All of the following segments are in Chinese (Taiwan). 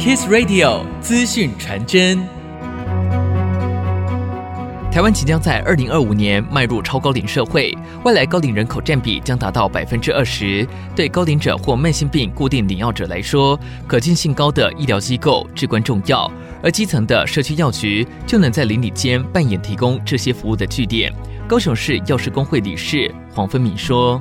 Kiss Radio 資訊傳真。台灣即將在二零二五年邁入超高齡社會，外來高齡人口占比將達到百分之二十。對高齡者或慢性病固定領藥者來說，可近性高的醫療機構至關重要，而基層的社區藥局就能在鄰里間扮演提供這些服務的據點。高雄市藥師公會理事黃芬民說。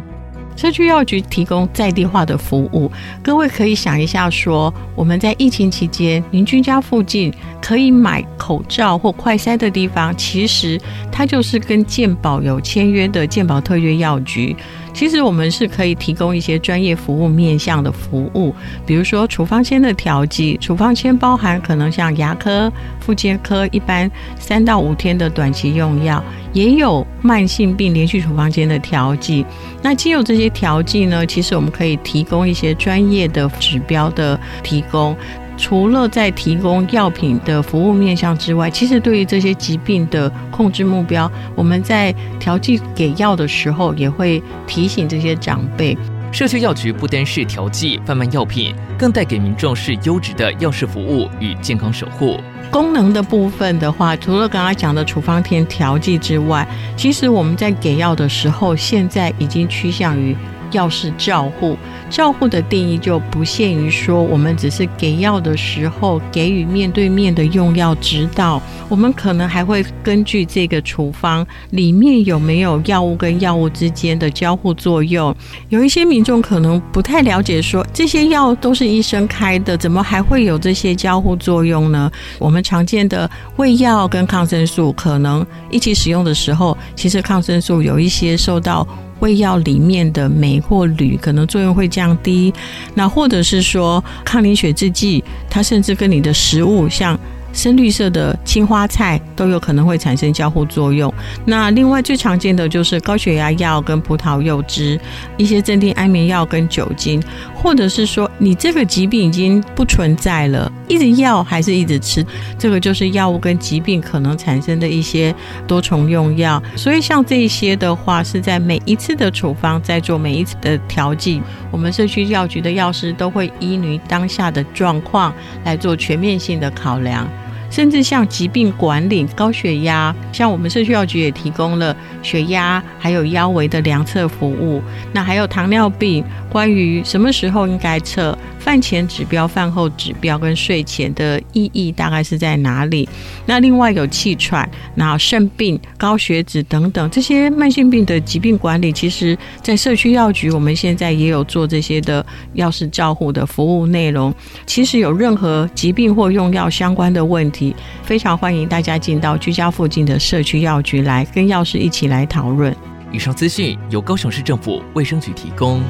社區藥局提供在地化的服務，各位可以想一下說，說我們在疫情期間，鄰居家附近可以買口罩或快篩的地方，其實它就是跟健保有簽約的健保特約藥局。其實我們是可以提供一些專業服務面向的服務，比如說處方簽的調劑，處方簽包含可能像牙科、復健科一般三到五天的短期用藥。也有慢性病連續處方箋的調劑，那既有這些調劑呢，其實我們可以提供一些專業的指標的提供。除了在提供藥品的服務面向之外，其實對於這些疾病的控制目標，我們在調劑給藥的時候也會提醒這些長輩。社區藥局不單是調劑販賣藥品，更帶給民眾是優質的藥事服務與健康守護功能的部分的話，除了剛剛講的處方填調劑之外，其實我們在給藥的時候，現在已經趨向於。藥事照護，照護的定義就不限於說，我們只是給藥的時候給予面對面的用藥指導。我們可能還會根據這個處方裡面有沒有藥物跟藥物之間的交互作用。有一些民眾可能不太了解說，說這些藥都是醫生開的，怎麼還會有這些交互作用呢？我們常見的胃藥跟抗生素可能一起使用的時候，其實抗生素有一些受到。胃藥裡面的鎂或鋁可能作用會降低，那或者是說抗凝血製劑，它甚至跟你的食物，像深綠色的青花菜，都有可能會產生交互作用。那另外最常見的就是高血壓藥跟葡萄柚汁，一些鎮定安眠藥跟酒精。或者是說，你這個疾病已經不存在了，一直藥還是一直吃，這個就是藥物跟疾病可能產生的一些多重用藥。所以，像這些的話，是在每一次的處方，在做每一次的調劑，我們社區藥局的藥師都會依你當下的狀況來做全面性的考量。甚至像疾病管理，高血壓，像我們社區藥局也提供了血壓還有腰圍的量測服務。那還有糖尿病，關於什麼時候應該測？飯前指標、飯後指標跟睡前的意義大概是在哪裡？那另外有氣喘、那腎病、高血脂等等這些慢性病的疾病管理，其實在社區藥局，我們現在也有做這些的藥師照護的服務內容。其實有任何疾病或用藥相關的問題，非常歡迎大家進到居家附近的社區藥局來跟藥師一起來討論。以上資訊由高雄市政府衛生局提供。